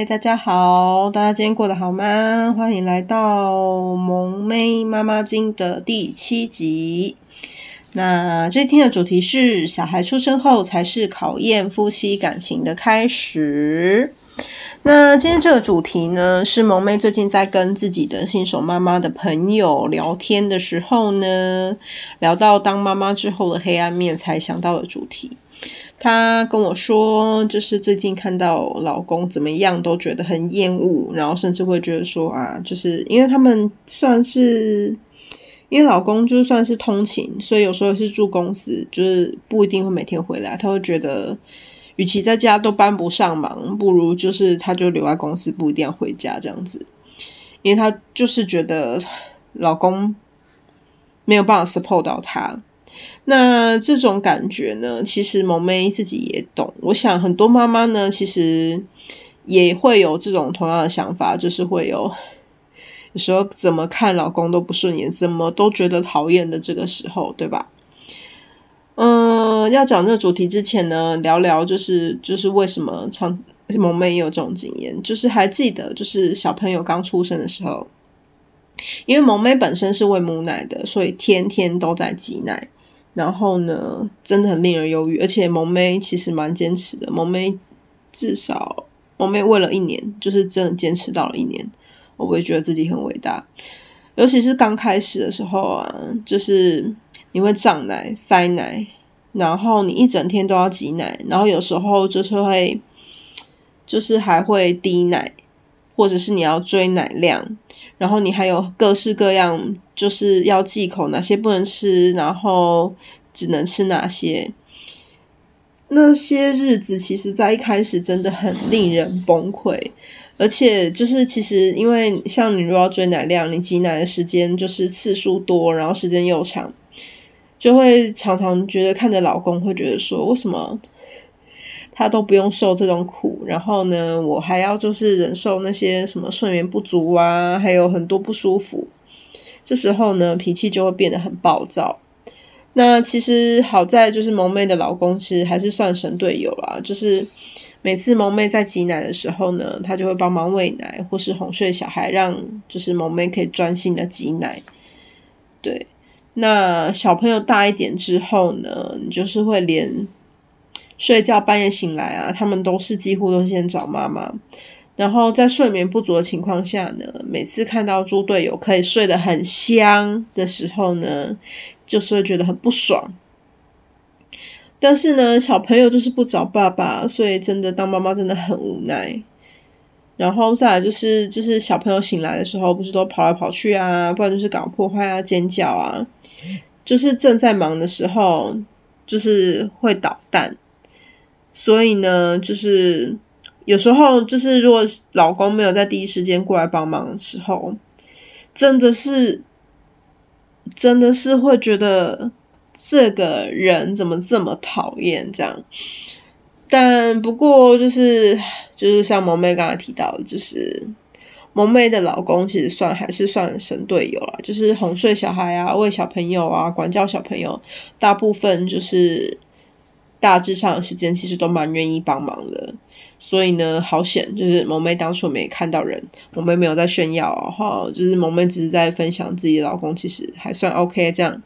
嗨，大家好！大家今天過得好嗎？歡迎來到萌咩媽媽經的第七集。那這一天的主題是小孩出生後才是考驗夫妻感情的開始。那今天這個主題呢，是萌咩最近在跟自己的新手媽媽的朋友聊天的時候呢，聊到當媽媽之後的黑暗面，才想到的主題。她跟我說，就是最近看到老公怎麼樣都覺得很厭惡，然後甚至會覺得說啊，就是因為他們算是，因為老公就算是通勤，所以有時候是住公司，就是不一定會每天回來。她會覺得，與其在家都幫不上忙，不如就是他就留在公司，不一定要回家這樣子，因為她就是覺得老公沒有辦法 support 到她。那這種感覺呢，其實萌咩自己也懂。我想很多媽媽呢，其實也會有這種同樣的想法，就是會有有時候怎麼看老公都不順眼，怎麼都覺得討厭的這個時候，對吧？嗯，要講這個主題之前呢，聊聊就是就是為什麼唱萌咩也有這種經驗，就是還記得就是小朋友剛出生的時候，因為萌咩本身是餵母奶的，所以天天都在擠奶。然後呢，真的很令人憂鬱，而且萌咩其實蠻堅持的。萌咩至少萌咩餵了一年，就是真的堅持到了一年，我會覺得自己很偉大。尤其是剛開始的時候啊，就是你會脹奶、塞奶，然後你一整天都要擠奶，然後有時候就是會，就是還會滴奶。或者是你要追奶量，然後你還有各式各樣，就是要忌口哪些不能吃，然後只能吃哪些。那些日子，其實在一開始真的很令人崩潰，而且就是其實因為像你如果要追奶量，你擠奶的時間就是次數多，然後時間又長，就會常常覺得看着老公會覺得說，為什麼？他都不用受這種苦，然後呢，我還要就是忍受那些什麼睡眠不足啊，還有很多不舒服。這時候呢，脾氣就會變得很暴躁。那其實好在就是萌咩的老公其實還是算神隊友啦，就是每次萌咩在擠奶的時候呢，他就會幫忙喂奶或是哄睡小孩，讓就是萌咩可以專心的擠奶。對，那小朋友大一點之後呢，你就是會連。睡覺半夜醒來啊，他們都是幾乎都先找媽媽，然後在睡眠不足的情況下呢，每次看到豬隊友可以睡得很香的時候呢，就是會覺得很不爽。但是呢，小朋友就是不找爸爸，所以真的當媽媽真的很無奈。然後再來就是就是小朋友醒來的時候，不是都跑來跑去啊，不然就是搞破壞啊、尖叫啊，就是正在忙的時候，就是會搗蛋。所以呢，就是有時候就是，如果老公沒有在第一時間過來幫忙的時候，真的是真的是會覺得這個人怎麼這麼討厭這樣。但不過就是就是像萌咩剛才提到，就是萌咩的老公其實算還是算神隊友啦，就是哄睡小孩啊，餵小朋友啊，管教小朋友，大部分就是。大致上的時間其實都蠻願意幫忙的，所以呢，好險就是萌咩當初沒看到人，萌咩沒有在炫耀哈、哦哦，就是萌咩只是在分享自己的老公其實還算 OK 這樣。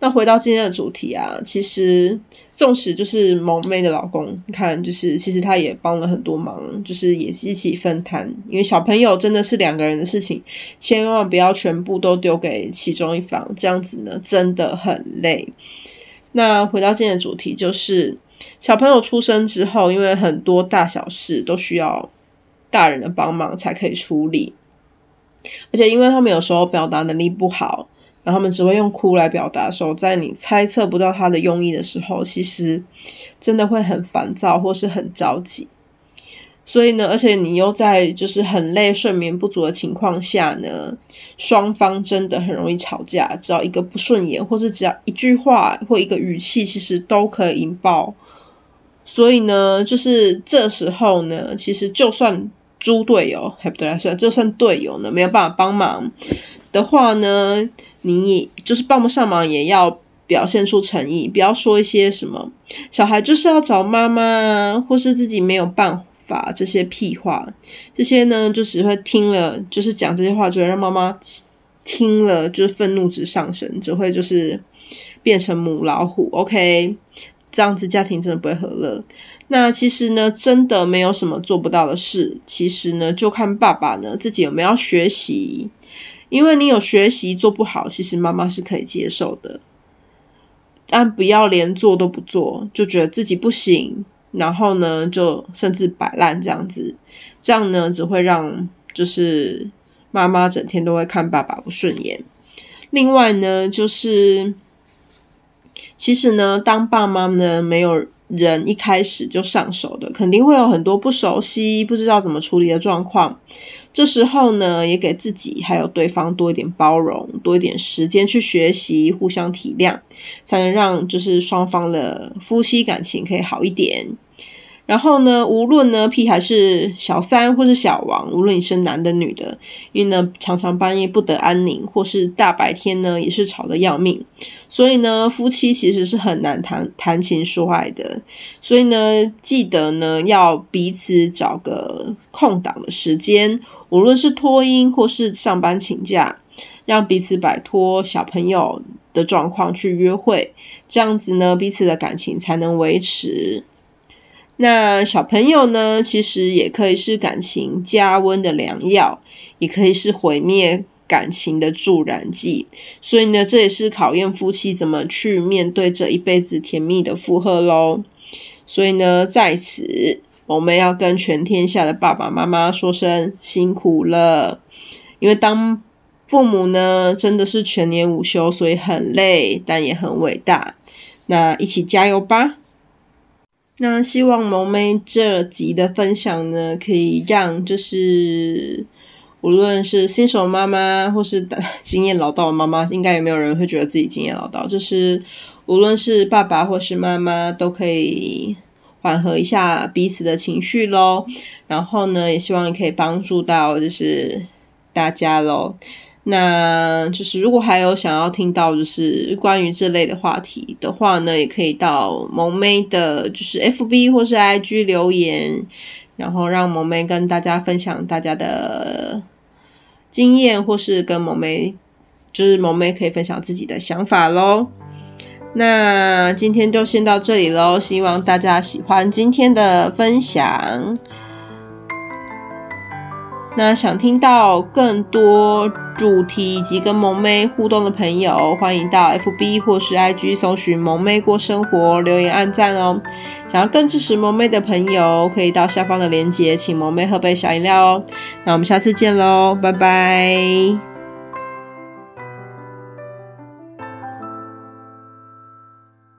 那回到今天的主題啊，其實縱使就是萌咩的老公，你看就是其實他也幫了很多忙，就是也一起分攤，因為小朋友真的是兩個人的事情，千萬不要全部都丟給其中一方，這樣子呢真的很累。那回到今天的主題，就是小朋友出生之後，因為很多大小事都需要大人的幫忙才可以處理，而且因為他們有時候表達能力不好，然後他們只會用哭來表達的時候，在你猜測不到他的用意的時候，其實真的會很煩躁或是很着急。所以呢，而且你又在就是很累、睡眠不足的情況下呢，雙方真的很容易吵架，只要一個不順眼，或是只要一句話或一個語氣，其實都可以引爆。所以呢，就是這時候呢，其實就算豬隊友還不對啊，算就算隊友呢沒有辦法幫忙的話呢，你也就是幫不上忙也要表現出誠意，不要說一些什麼“小孩就是要找媽媽啊”或是自己沒有辦法。把這些屁話，這些呢，就只會聽了，就是講這些話，只會讓媽媽聽了就是憤怒值上升，只會就是變成母老虎。OK，這樣子家庭真的不會和樂。那其實呢，真的沒有什麼做不到的事。其實呢，就看爸爸呢自己有沒有學習，因為你有學習做不好，其實媽媽是可以接受的，但不要連做都不做，就覺得自己不行。然後呢，就甚至擺爛這樣子，這樣呢，只會讓就是媽媽整天都會看爸爸不順眼。另外呢，就是。其實呢，當爸媽呢，沒有人一開始就上手的，肯定會有很多不熟悉、不知道怎麼處理的狀況。這時候呢，也給自己還有對方多一點包容，多一點時間去學習，互相體諒，才能讓就是雙方的夫妻感情可以好一點。然後呢，無論呢屁還是小三或是小王，無論你是男的女的，因為呢常常半夜不得安寧，或是大白天呢也是吵得要命，所以呢夫妻其實是很難談談情說愛的。所以呢記得呢要彼此找個空檔的時間，無論是托嬰或是上班請假，讓彼此擺脫小朋友的狀況去約會，這樣子呢彼此的感情才能維持。那小朋友呢，其實也可以是感情加溫的良藥，也可以是毀滅感情的助燃劑。所以呢，這也是考驗夫妻怎麼去面對這一輩子甜蜜的負荷嘍。所以呢，在此我們要跟全天下的爸爸媽媽說聲辛苦了，因為當父母呢，真的是全年無休，所以很累，但也很偉大。那一起加油吧！那希望萌咩這集的分享呢，可以讓就是無論是新手媽媽或是經驗老道媽媽，應該也沒有人會覺得自己經驗老道，就是無論是爸爸或是媽媽都可以緩和一下彼此的情緒嘍。然後呢，也希望你可以幫助到就是大家嘍。那就是，如果還有想要聽到就是關於這類的話題的話呢，也可以到萌咩的，就是 FB 或是 IG 留言，然後讓萌咩跟大家分享大家的經驗，或是跟萌咩，就是萌咩可以分享自己的想法嘍。那今天就先到這裡嘍，希望大家喜歡今天的分享。那想聽到更多主題以及跟萌咩互動的朋友，歡迎到 FB 或是 IG 搜尋萌咩過生活，留言按贊哦。想要更支持萌咩的朋友，可以到下方的鏈接，請萌咩喝杯小飲料哦。那我們下次見嘍，拜拜。